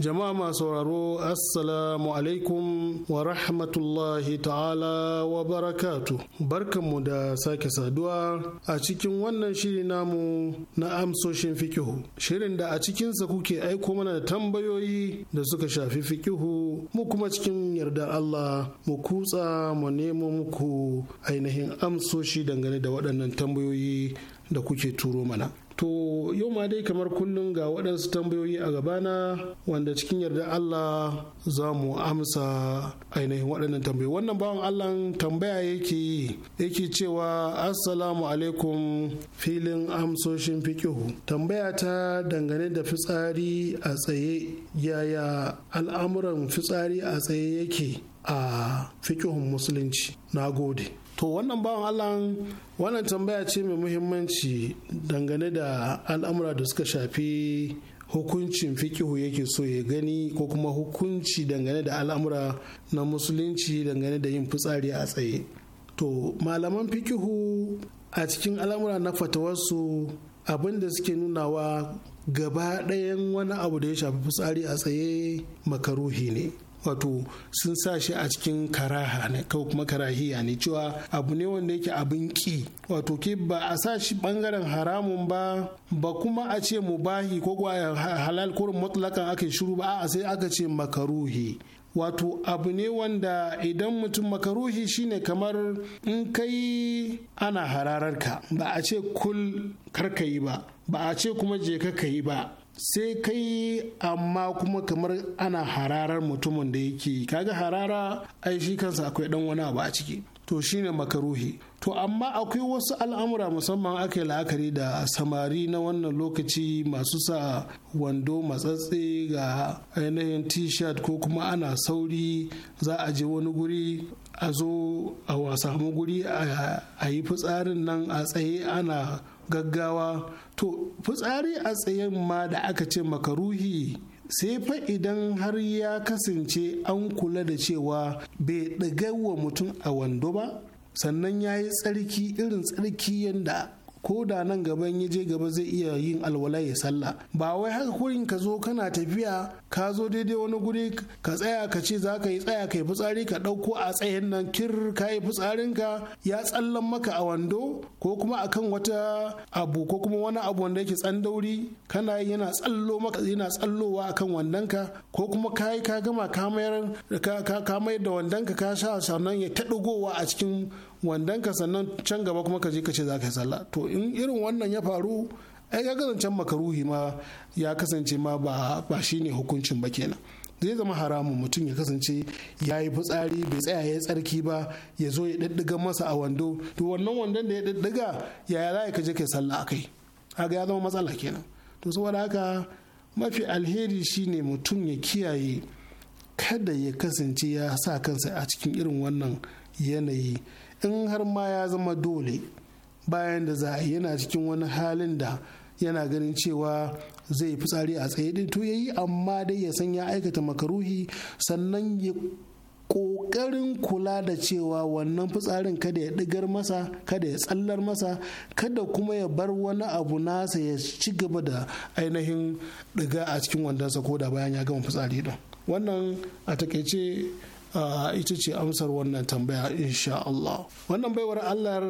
jama'a masu sauraro assalamu alaikum wa rahmatullahi ta'ala wa barakatu barkanmu da sake saduwa a cikin wannan shiri namu na amsoshin fikihu shirin da a cikinsa kuke aiko mana da tambayoyi da suka shafi fikihu mu kuma cikin yarda Allah mu kutsa mu nemo muku ainihin amsoshi dangane da waɗannan tambayoyi da kuke turo mana To yau ma dai kamar kullum ga waɗansu tambayoyi a gabana wanda cikin yarda Allah za mu amsa ainihin waɗannan tambayoyi. Wannan bawan Allah tambaya yake yi yake cewa Assalamu alaikum filin amsoshin fikihu. Tambaya ta dangane da fitsari a tsaye yaya al'amuran fitsari a tsaye yake a fikihun musulunci. Na gode. to wannan bawan allah wannan tambaya ce mai muhimmanci dangane da al'amura da suka shafi hukuncin fikihu yake so ya gani ko kuma hukunci dangane da al'amura na musulunci dangane da yin fitsari a tsaye to malaman fikihu a cikin al'amura na fatawarsu abin da suke nunawa gaba ɗayan wani abu da ya shafi fitsari a tsaye makaruhi ne wato sun sa shi a cikin karaha ne ko kuma karahiya ne cewa abu ne wanda yake abin ki wato ke ba a sa shi bangaren haramun ba ba kuma a ce mubahi ko halal ko mutlakan aka shiru ba a sai aka ce makaruhi wato abu ne wanda idan mutum makaruhi shine kamar in kai ana harararka ba a ce kul karka yi ba ba a ce kuma je ka yi ba sai kai amma kuma kamar ana hararar mutumin da yake kaga harara ai shi kansa akwai dan wani abu a ciki to shine makaruhi to amma akwai wasu al'amura musamman aka yi la'akari da samari na wannan lokaci masu sa wando matsatse ga ainihin t-shirt ko kuma ana sauri za a je wani guri a zo a wasa guri a yi fitsarin nan a tsaye ana gaggawa to fitsari a tsayen ma da aka ce makaruhi sai fa idan har ya kasance an kula da cewa bai wa mutum a wando ba sannan ya yi tsarki irin tsarki yadda ko da nan gaban ya je gaba zai iya yin alwala ya sallah ba wai haka kurin ka zo kana tafiya ka zo daidai wani guri ka tsaya ka ce za ka yi tsaya ka yi fitsari ka ɗauko a tsayin nan kir ka yi fitsarinka ya tsallan maka a wando ko kuma akan wata abu ko kuma wani abu wanda yake tsandauri kana yi yana tsallo maka yana tsallowa akan ka ko kuma ka yi ka gama ka mayar da wandon ka sha sannan ya ta ɗigowa a cikin wandan ka sannan can gaba kuma ka je ka ce za ka yi sallah to in irin wannan ya faru ai ga zancen makaruhi ma ya kasance ma ba ba shine hukuncin ba kenan zai zama haramun mutum ya kasance ya yi fitsari bai tsaya ya tsarki ba ya zo ya daddiga masa a wando to wannan wandon da ya daddiga yaya za ka je kai sallah a kai kaga ya zama matsala kenan to saboda haka mafi alheri shine mutum ya kiyaye kada ya kasance ya sa kansa a cikin irin wannan yanayi in har ma ya zama dole bayan da za a yana cikin wani halin da yana ganin cewa zai fitsari a tsaye din to yayi amma dai ya san ya aikata makaruhi sannan ya ƙoƙarin kula da cewa wannan fitsarin kada ya ɗigar masa kada ya tsallar masa kada kuma ya bar wani abu nasa ya ci gaba da ainihin ɗiga a cikin wandonsa ko da bayan ya gama fitsari ɗin wannan a takaice Ah, ita ce amsar wannan tambaya insha Allah wannan baiwar Allah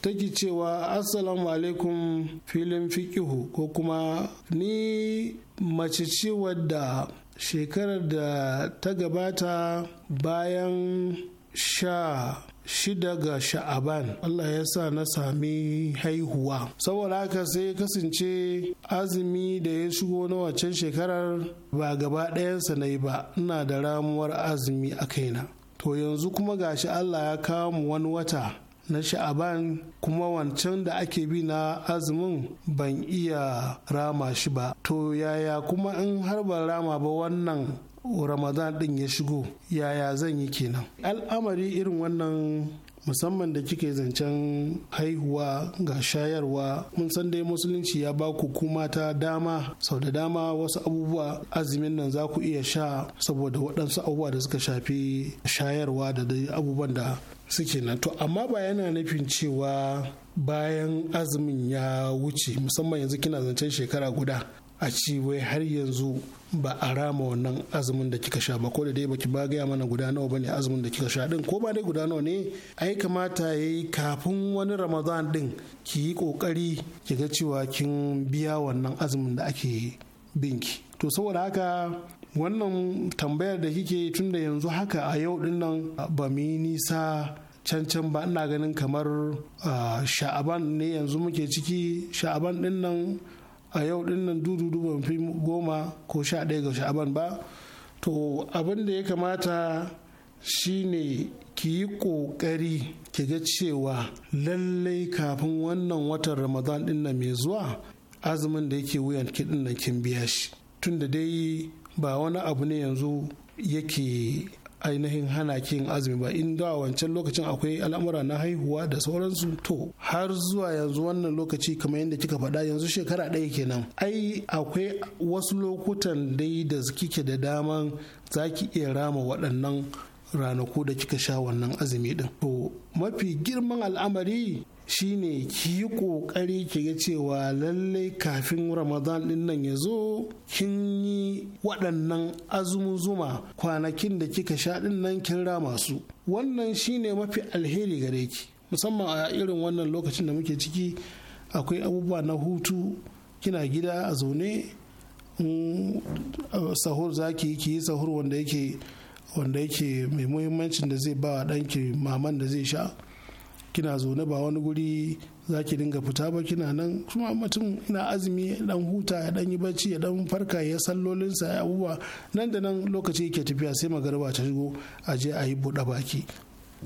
take cewa assalamu alaikum filin fikihu ko kuma ni mace ce wadda shekarar da ta gabata bayan sha shida ga sha'aban Allah ya sa na sami haihuwa saboda haka sai kasance azumi da ya shigo na waccan shekarar ba gaba ɗayansa na yi ba ina da ramuwar azumi a kaina to yanzu kuma gashi Allah ya kawo mu wani wata na sha'aban kuma wancan da ake bi na azumin ban iya rama shi ba to yaya kuma in har ban rama ba wannan Oh, ramadan din ya shigo yaya zan yi kenan al'amari irin wannan musamman da kike zancen haihuwa ga shayarwa mun san dai musulunci ya ba ku kuma ta dama sau da dama wasu abubuwa azumin nan za ku iya sha saboda waɗansu abubuwa da suka shafi shayarwa da dai abubuwan da suke nan to amma ba yana nufin cewa bayan azumin ya wuce musamman yanzu kina zancen shekara guda a ci wai har yanzu ba a rama wannan azumin da kika sha ba ko da dai baki ba gaya mana guda nawa bane azumin da kika sha din ko ba dai guda nawa ne ai kamata yayi kafin wani ramadan din ki yi kokari ki ga cewa kin biya wannan azumin da ake binki to saboda haka wannan tambayar da kike tun da yanzu haka a yau din nan ba mu yi nisa cancan can ba ina ganin kamar ah, sha'aban ne yanzu muke ciki sha'aban din nan a yau din nan dududu ban fi goma ko sha ɗaya ga sha'aban ba to abin da ya kamata shine ki yi ƙoƙari ki ga cewa lallai kafin wannan watan ramadan din nan mai zuwa azumin da yake wuyan ki din nan kin biya shi tunda dai ba wani abu ne yanzu yake ainihin hana kin azumi ba in da wancan lokacin akwai al'amura na haihuwa da sauransu to har zuwa yanzu wannan lokaci kamar yadda kika faɗa yanzu shekara ɗaya kenan ai akwai wasu lokutan dai da kike da dama za ki iya rama waɗannan ranaku da kika sha wannan azumi din to mafi girman al'amari shine ki yi ƙoƙari ki ga cewa lallai kafin ramadan din nan ya zo kin yi waɗannan azumuzuma kwanakin da kika sha din nan kin rama su wannan shine mafi alheri gare ki musamman a irin wannan lokacin da muke ciki akwai abubuwa na hutu kina gida a zaune sahur zaki yi ki yi sahur wanda yake mai muhimmancin da zai ba wa ɗanki maman da zai sha kina zaune ba wani guri za ki dinga fita ba kina nan kuma mutum ina azumi dan huta ya dan yi bacci ya dan farka ya sallolinsa ya abubuwa nan da nan lokaci yake tafiya sai magariba ta shigo a je a yi buɗe baki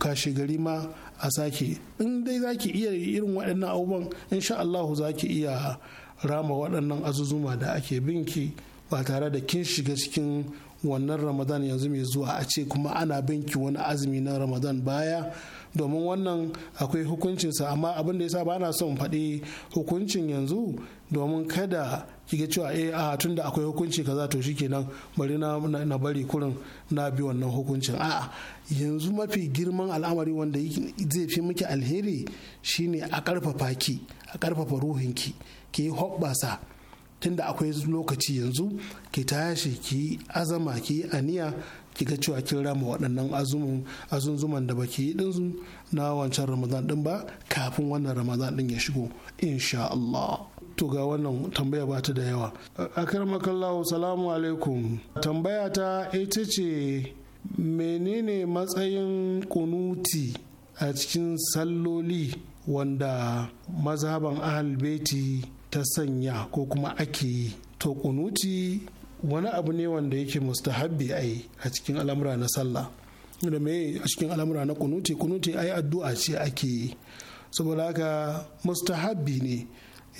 kashi gari ma a sake in dai za ki iya irin waɗannan abubuwan insha Allahu za ki iya rama waɗannan azuzuma da ake binki ba tare da kin shiga cikin wannan ramadan yanzu mai zuwa a ce kuma ana binki wani azumi na ramadan baya domin wannan akwai hukuncinsa amma abin da yasa ba na son faɗi hukuncin yanzu domin kada ki kike cewa eh a tun da akwai hukunci kaza to kenan bari na bari kurin na bi wannan hukuncin a'a yanzu mafi girman al'amari wanda zai fi miki alheri shine a karfafa ki a karfafa ruhinki ki yi hoɓɓasa tunda akwai lokaci yanzu ki tashi ki azama ki aniya kiga cewa kin rama waɗannan azumin azunzuman da baki yi din na wancan ramadan ɗin ba kafin wannan ramadan ɗin ya shigo insha Allah to ga wannan tambaya ba ta da yawa akarmakallahu salamu alaikum tambaya ta ita ce menene matsayin kunuti a cikin salloli wanda mazhaban ahalbeti ta sanya ko kuma ake yi to kunuti wani abu ne wanda yake mustahabbi ai a cikin al'amura na sallah da mai a cikin al'amura na kunuti kunuti ai addu'a ce ake yi saboda haka mustahabbi ne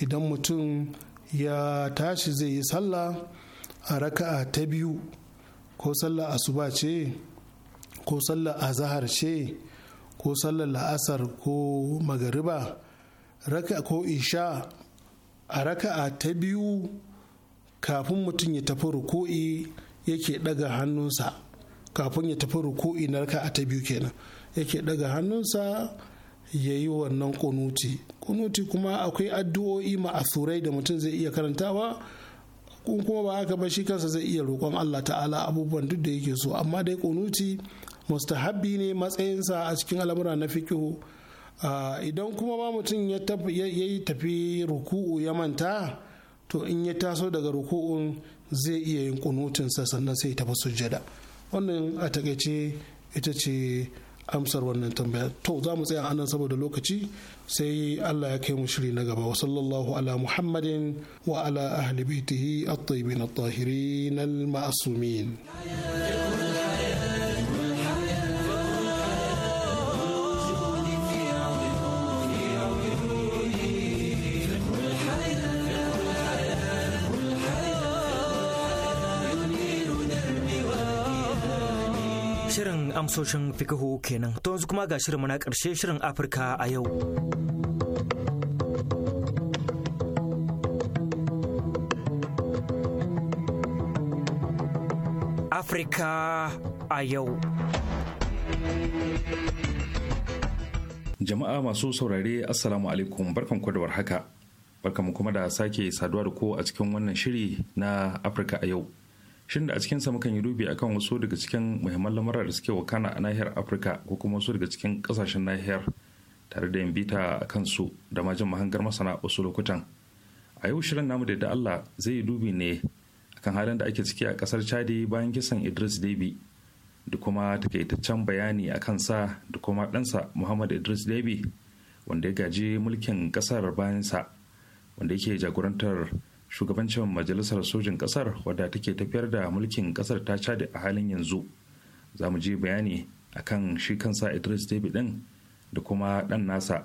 idan mutum ya tashi zai yi sallah a raka'a ta biyu ko sallah asuba ce ko sallah azahar ce ko Sallah la'asar ko magariba raka ko isha a raka'a ta biyu kafin mutum ya tafi ruku'i yake daga hannunsa kafin ya tafi ruku'i na raka'a ta biyu kenan yake daga hannunsa ya yi wannan kunuti kunuti kuma akwai addu'o'i ma'asurai da mutum zai iya karantawa kuma ba haka ba shi kansa zai iya roƙon Allah ta'ala abubuwan duk da yake so amma dai kunuti mustahabbi ne matsayinsa a cikin al'amura na fikihu ah, idan kuma ba mutum ya yi tafi ruku'u ya manta to in ya taso daga ruku'un zai iya yin kunutinsa sannan sai ta tafi jada wannan a takaice ita ce amsar wannan tambaya to za mu tsaya anan saboda lokaci sai Allah ya kai mu shiri na gaba wa sallallahu ala muhammadin wa ala ahli baitihi at-tayyibin at-tahirin al-ma'sumin amsoshin fikihu kenan to yanzu kuma ga shirin na karshe shirin afirka a yau afirka a yau jama'a masu saurare assalamu alaikum barkan da warhaka barkan kuma da sake saduwa da ku a cikin wannan shiri na afirka a yau Shin da a cikinsa mukan yi dubi akan wasu daga cikin muhimman lamura da suke wakana a nahiyar Afirka ko kuma wasu daga cikin kasashen nahiyar tare da yin bita a kansu da majin mahangar masana wasu lokutan. A yau shirin namu da Allah zai yi dubi ne akan halin da ake ciki a kasar Chadi bayan kisan Idris debi da kuma takaitaccen bayani a kansa da kuma ɗansa Muhammad Idris debi wanda ya gaji mulkin ƙasar bayansa wanda yake jagorantar shugabancin majalisar sojin kasar wadda take tafiyar da mulkin kasar ta cadi a halin yanzu za mu je bayani akan shi kansa idris david din da kuma dan nasa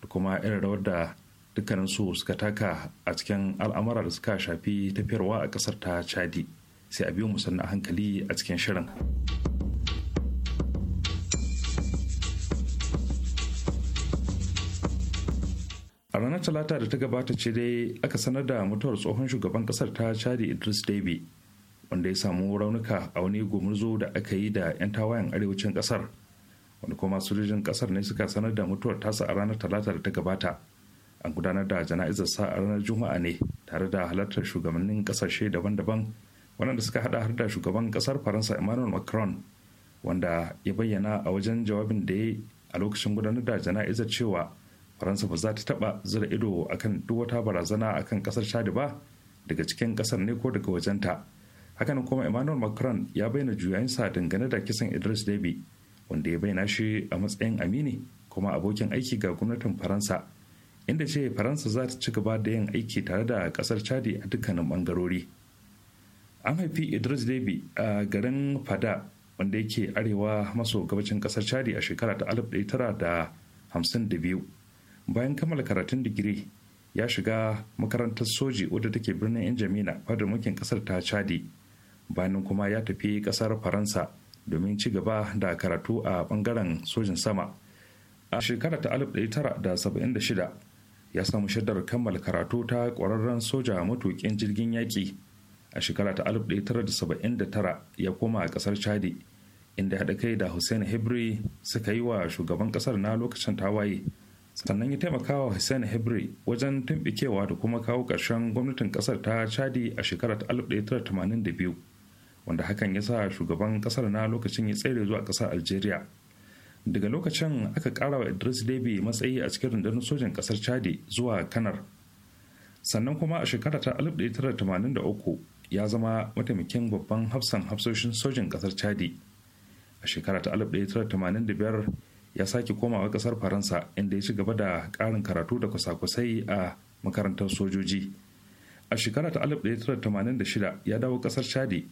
da kuma irin rawar da dukkaninsu suka taka a cikin al'amura da suka shafi tafiyarwa a kasar ta cadi sai a biyo mu sannan hankali a cikin shirin. a ranar talata da ta gabata ce dai aka sanar da mutuwar tsohon shugaban kasar ta chadi idris deby wanda ya samu raunuka a wani gumurzo da aka yi da 'yan tawayen arewacin kasar wanda kuma sojojin kasar ne suka sanar da mutuwar tasa a ranar talata da ta gabata an gudanar da jana'izar sa a ranar juma'a ne tare da halartar shugabannin kasashe daban-daban waɗanda suka hada har da shugaban kasar faransa emmanuel macron wanda ya bayyana a wajen jawabin da ya a lokacin gudanar da jana'izar cewa faransa ba za ta taba zira ido akan duk wata barazana akan kasar shadi ba daga cikin kasar ne ko daga wajenta hakanan kuma emmanuel macron ya bayyana juyayensa dangane da kisan idris deby wanda ya bayyana shi a matsayin amini kuma abokin aiki ga gwamnatin faransa inda ce faransa za ta ci gaba da yin aiki tare da kasar chadi a dukkanin bangarori an haifi idris deby a garin fada wanda yake arewa maso gabacin kasar chadi a shekara ta 1952 bayan kammala karatun digiri ya shiga makarantar soji wadda take birnin injamina fadar mulkin kasar ta chadi bayan kuma ya tafi kasar faransa domin ci gaba da karatu a bangaren sojin sama a shekara ta 1976 ya samu shaddar kammala karatu ta kwararren soja matukin jirgin yaƙi a shekara ta 1979 ya koma a kasar chadi inda haɗa kai da hussein hebri suka yi wa shugaban kasar na lokacin tawaye sannan ya taimaka wa hussein hebre wajen tumbikewa da kuma kawo ƙarshen gwamnatin ƙasar ta chadi a shekarar 1982 wanda hakan ya sa shugaban ƙasar na lokacin ya tsere zuwa ƙasar algeria daga lokacin aka ƙara wa idris deby matsayi a cikin rundunar sojan ƙasar chadi zuwa kanar sannan kuma a shekara ta 1983 ya zama mataimakin babban hafsan hafsoshin sojin ƙasar chadi a shekara ta 1985 ya sake komawa kasar faransa inda ya ci gaba da karin karatu da kwasa-kwasai a makarantar sojoji a shekara ta 1986 ya dawo kasar shadi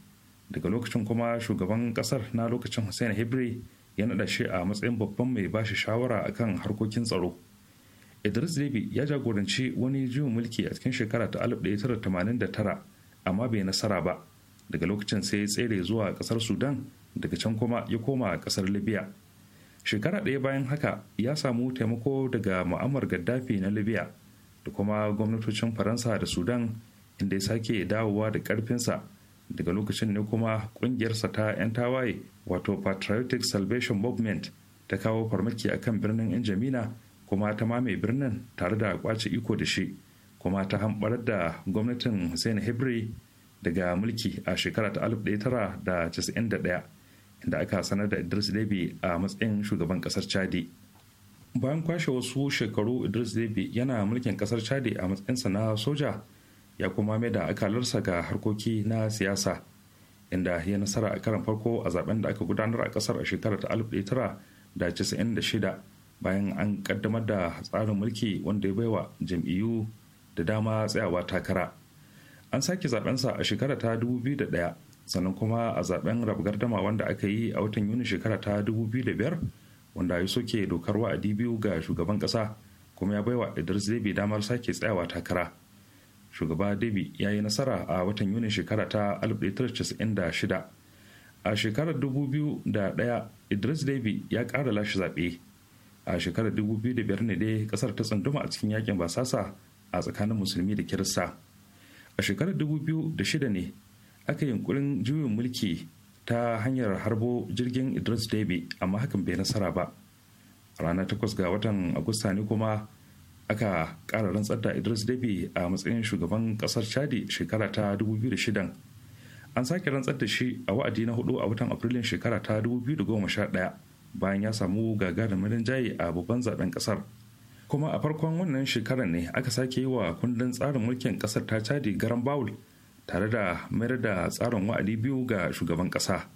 daga lokacin kuma shugaban kasar na lokacin hussein hebre ya naɗa shi a matsayin babban mai bashi shawara a kan harkokin tsaro idris debi ya jagoranci wani juyin mulki a cikin shekara ta 1989 amma bai nasara ba daga lokacin sai ya tsere zuwa kasar sudan daga can kuma ya koma kasar libya shekara ɗaya bayan haka ya samu taimako daga mu'ammar gaddafi na libya da kuma gwamnatocin faransa da sudan inda ya sake dawowa da ƙarfinsa daga lokacin ne kuma ƙungiyarsa ta 'yan tawaye wato patriotic salvation movement ta kawo farmaki a kan birnin injamina kuma ta mame birnin tare da kwace iko da shi kuma ta hanbarar da gwamnatin hussein hebri daga mulki a shekara ta 1991 da aka sanar da idris debi a matsayin shugaban kasar chadi bayan kwashe wasu shekaru idris debi yana mulkin kasar chadi a matsayinsa na soja ya kuma mai da akalarsa ga harkoki na siyasa inda ya nasara a karan farko a zaben da aka gudanar a kasar a shekarar ta alif da da shida bayan an kaddamar da tsarin mulki wanda ya baiwa jam'iyyu da dama tsayawa takara an sake zabensa a shekara ta dubu biyu da ɗaya. sannan kuma a zaben dama wanda aka yi a watan yuni shekara ta 2005 wanda ya soke dokar wa'adi biyu ga shugaban kasa kuma ya baiwa idris debi damar sake tsayawa takara shugaba debi ya yi nasara a watan yuni shekara ta 1996 a shekarar 2001 idris debi ya ƙara lashe zaɓe a shekarar 2005 ne dai kasar ta tsunduma a cikin yakin basasa a tsakanin musulmi da kirista a shekarar 2006 ne aka yunkurin juyin mulki ta hanyar harbo jirgin idris debi amma hakan bai nasara ba ranar takwas ga watan agusta ne kuma aka ƙara rantsar da idris debi a matsayin shugaban ƙasar chadi shekara ta 2006 an sake rantsar da shi a wa'adi na hudu a watan afrilun shekara ta 2011 bayan ya samu gagarumin jaye a babban zaben ƙasar kuma a farkon wannan shekarar ne aka sake yi wa kundin tsarin mulkin ƙasar ta chadi garan bawul tare da mayar da tsarin wa'adi biyu ga shugaban ƙasa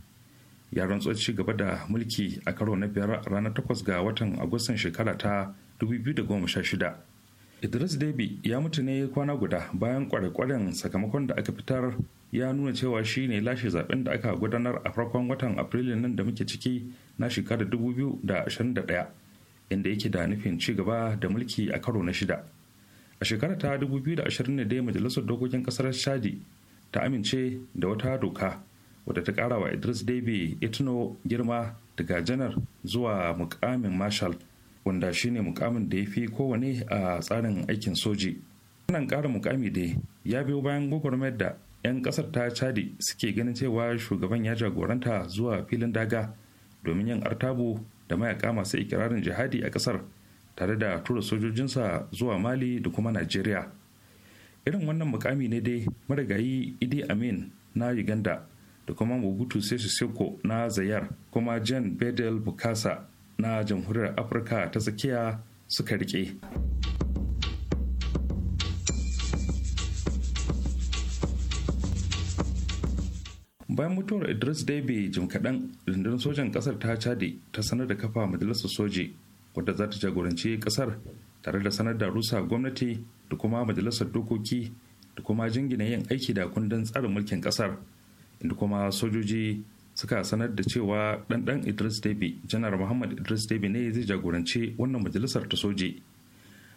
ya rantsuwar ci gaba da mulki a karo na biyar ranar takwas ga watan agustan shekara ta 2016 idris debi ya mutu ne kwana guda bayan kwarekwaren sakamakon da aka fitar ya nuna cewa shi ne lashe zaben da aka gudanar a farkon watan afrilu nan da muke ciki na shekarar 2021 inda yake da nufin ci gaba da mulki a karo na shida a shekara ta 2020 ne dai majalisar dokokin kasar Shadi. ta amince da wata doka wadda ta karawa wa idris Debe itno girma daga janar zuwa mukamin marshal wanda shine mukamin da ya fi kowane a tsarin aikin soji wannan ƙara mukami dai ya biyo bayan gwagwarmayar da 'yan ƙasar ta chadi suke ganin cewa shugaban ya jagoranta zuwa filin daga domin yin artabu da mayaka masu ikirarin jihadi a ƙasar tare da tura sojojinsa zuwa mali da kuma najeriya irin wannan mukami ne dai marigayi idi amin na uganda da kuma mugutu sese seko na zayar kuma jan bedel bukasa na jamhuriyar afirka ta tsakiya suka rike bayan mutuwar idris debe jim kaɗan rundunar sojan ƙasar ta cadi ta sanar da kafa majalisar soji wadda za ta jagoranci ƙasar tare da sanar da rusa gwamnati da kuma majalisar dokoki da kuma jingina yin aiki da kundin tsarin mulkin kasar inda kuma sojoji suka sanar da cewa ɗanɗan idris debi janar muhammad idris debi ne zai jagoranci wannan majalisar ta soji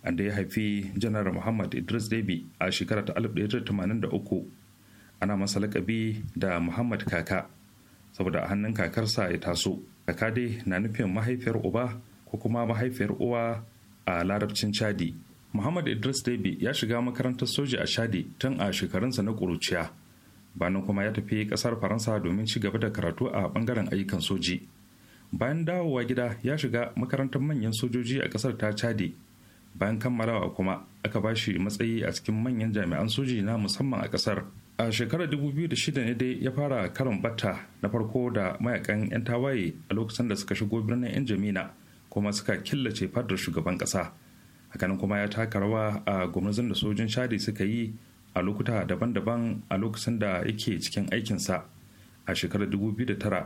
an da ya haifi janar muhammad idris debi a shekara ta 1983 ana masa lakabi da muhammad kaka saboda a hannun kakarsa ya taso kaka dai na nufin mahaifiyar uba ko kuma mahaifiyar uwa a larabcin chadi muhammad idris debi ya shiga makarantar soji a shadi tun a shekarunsa na ƙuruciya bayan kuma ya tafi ƙasar faransa domin ci gaba da karatu a ɓangaren ayyukan soji bayan dawowa gida ya shiga makarantar manyan sojoji a ƙasar ta chadi bayan kammalawa kuma aka ba shi matsayi a cikin manyan jami'an soji na musamman a ƙasar a shekarar 2006 ne dai ya fara karin batta na farko da mayakan 'yan tawaye a lokacin da suka shigo birnin 'yan jamina kuma suka killace fadar shugaban ƙasa hakanan kuma ya taka rawa a gwamnatin da sojin shadi suka yi a lokuta daban-daban a lokacin da yake cikin aikinsa a shekarar 2009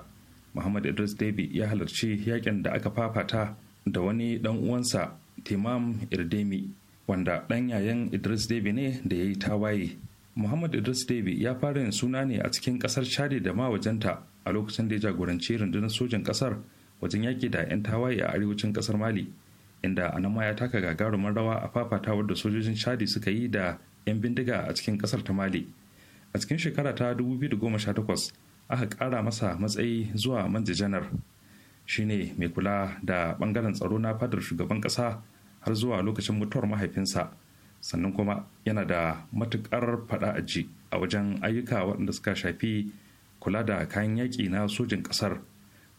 muhammad idris debi ya halarci yakin da aka fafata da wani dan uwansa timam irdemi wanda dan yayan idris debi ne da ya yi tawaye muhammad idris debi ya fara yin suna ne a cikin kasar shadi da ma wajenta a lokacin da ya jagoranci rundunar sojin kasar wajen yaki da 'yan tawaye a arewacin kasar mali inda a ma ya taka gagarumin rawa a fafatawar da sojojin Shadi suka yi da 'yan bindiga a cikin kasar ta mali a cikin shekara ta 2018 aka ƙara masa matsayi zuwa manjajanar shine mai kula da bangaren tsaro na fadar shugaban ƙasa har zuwa lokacin mutuwar mahaifinsa sannan kuma yana da matuƙar faɗa a ji a wajen ayyuka waɗanda suka shafi kula da kayan yaƙi na sojin ƙasar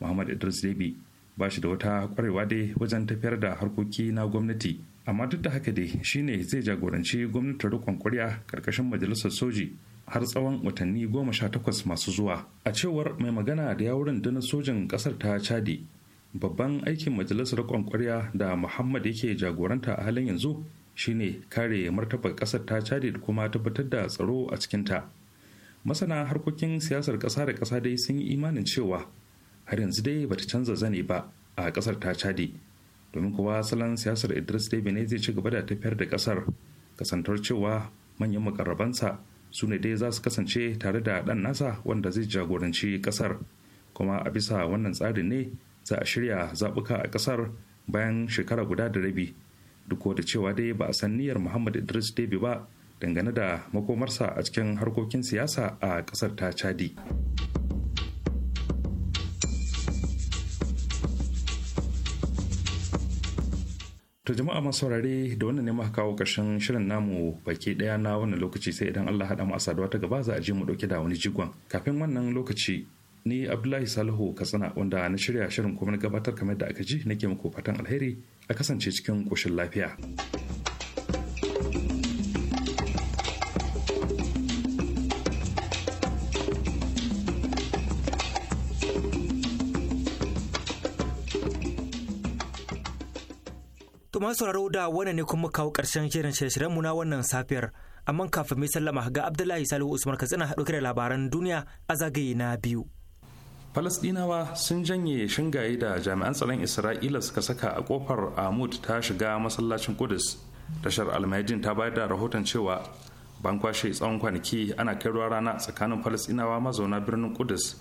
muhammad idris debi ba shi da wata kwarewa dai wajen tafiyar da harkoki na gwamnati amma duk da haka dai shine zai jagoranci gwamnatin rikon kwarya karkashin majalisar soji har tsawon watanni goma sha takwas masu zuwa a cewar mai magana da yawurin dana sojin kasar ta chadi babban aikin majalisar rikon kwarya da muhammad yake jagoranta a halin yanzu shine kare martabar kasar ta chadi da kuma tabbatar da tsaro a cikinta masana harkokin siyasar kasa da kasa dai sun yi imanin cewa har yanzu dai bata canza zane ba a kasar ta chadi domin kuwa salon siyasar idris dai ne zai ci gaba da tafiyar da kasar kasantar cewa manyan makarrabansa su ne dai za su kasance tare da ɗan nasa wanda zai jagoranci kasar kuma a bisa wannan tsarin ne za a shirya zaɓuka a kasar bayan shekara guda da rabi duk da cewa dai ba a san niyyar muhammad idris debi ba dangane da makomarsa a cikin harkokin siyasa a kasar ta chadi. To jama'a masu saurare da wannan ne muka kawo ƙarshen shirin namu baki ɗaya na wannan lokaci sai idan Allah haɗa mu a saduwa ta gaba za a je mu ɗauke da wani jigon. Kafin wannan lokaci ni Abdullahi Salihu Katsina wanda na shirya shirin kuma na gabatar kamar da aka ji nake muku fatan alheri a kasance cikin koshin lafiya. To masu sauraro da wannan ne kuma kawo ƙarshen shirin shirye na wannan safiyar. Amma kafin mai sallama ga Abdullahi Salihu Usman Katsina haɗu da labaran duniya a zagaye na biyu. Falasɗinawa sun janye shingaye da jami'an tsaron Isra'ila suka saka a kofar Amud ta shiga masallacin Kudus. Tashar Almahadin ta bayar da rahoton cewa ban kwashe tsawon kwanaki ana kai ruwa rana tsakanin falasɗinawa mazauna birnin kudus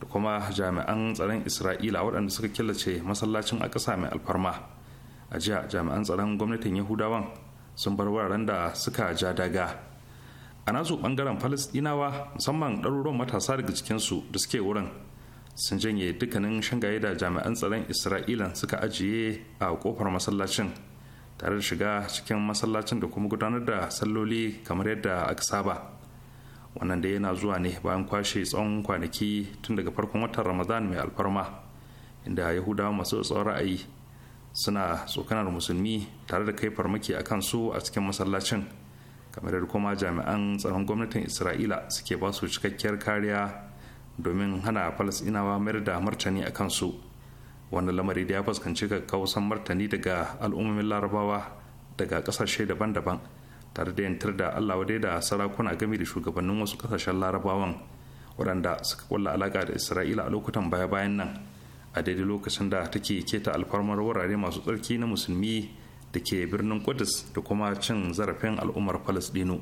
da kuma jami'an tsaron isra'ila waɗanda suka killace masallacin a ƙasa mai alfarma a jiya jami'an tsaron gwamnatin yahudawan sun bar wuraren da suka ja daga a nasu bangaren falastinawa musamman ɗaruruwan matasa daga cikinsu da suke wurin sun janye dukkanin shangaye da jami'an tsaron isra'ilan suka ajiye a kofar masallacin tare da shiga cikin masallacin da kuma gudanar da salloli kamar yadda aka saba wannan da yana zuwa ne bayan kwashe tsawon kwanaki tun daga farkon watan ramadan mai alfarma inda yahudawa masu tsawon ra'ayi suna tsokanar musulmi tare da kai farmaki a kansu a cikin masallacin kamar da kuma jami'an tsaron gwamnatin isra'ila suke ba su cikakkiyar kariya domin hana falasinawa mayar da martani a kansu wannan lamari da ya fuskanci kakkausan martani daga al'ummomin larabawa daga kasashe daban-daban tare da yantar da allah wadai da sarakuna game da shugabannin wasu kasashen larabawan waɗanda suka kulla alaƙa da isra'ila a lokutan baya-bayan nan a daidai lokacin da take keta alfarmar wurare masu tsarki na musulmi da ke birnin kudus da kuma cin zarafin al'ummar falasdino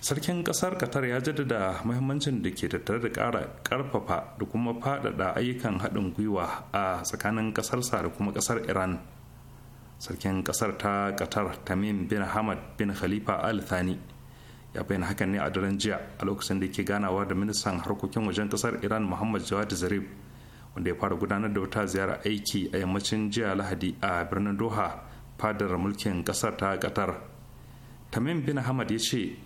sarkin kasar qatar ya jaddada muhimmancin da ke tattare da kara ƙarfafa da kuma faɗaɗa ayyukan haɗin gwiwa a tsakanin ƙasarsa da kuma ƙasar iran sarkin ƙasar ta qatar tamim bin hamad bin khalifa al thani ya bayyana hakan ne a daren jiya a lokacin da ke ganawa da ministan harkokin wajen ƙasar iran muhammad jawad zarif wanda ya fara gudanar da wata ziyara aiki a yammacin jiya lahadi a birnin doha fadar mulkin kasar ta qatar tamim bin hamad ya ce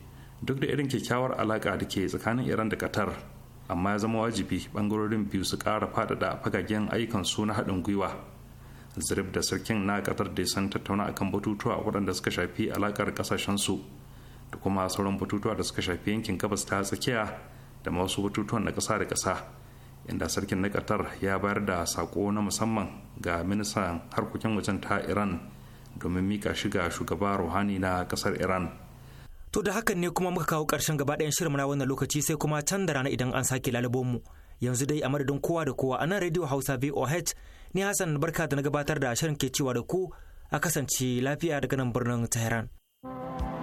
duk da irin kyakkyawar alaka da ke tsakanin iran da qatar amma ya zama wajibi bangarorin biyu su ƙara faɗaɗa fagagen ayyukan su na haɗin gwiwa zirib da sarkin na qatar da ya san tattauna akan batutuwa waɗanda suka shafi alakar ƙasashen su da kuma sauran batutuwa da suka shafi yankin gabas ta tsakiya da ma wasu batutuwan na ƙasa da ƙasa inda sarkin na qatar ya bayar da sako na musamman ga ministan harkokin wajen ta iran domin mika shiga shugaba ruhani na kasar iran to da hakan ne kuma muka kawo karshen gaba ɗayan shirin na wannan lokaci sai kuma can da rana idan an sake lalubon mu yanzu dai a madadin kowa da kowa a nan radio hausa voh ni hassan barka da na gabatar da shirin ke cewa da ku a kasance lafiya daga nan birnin tehran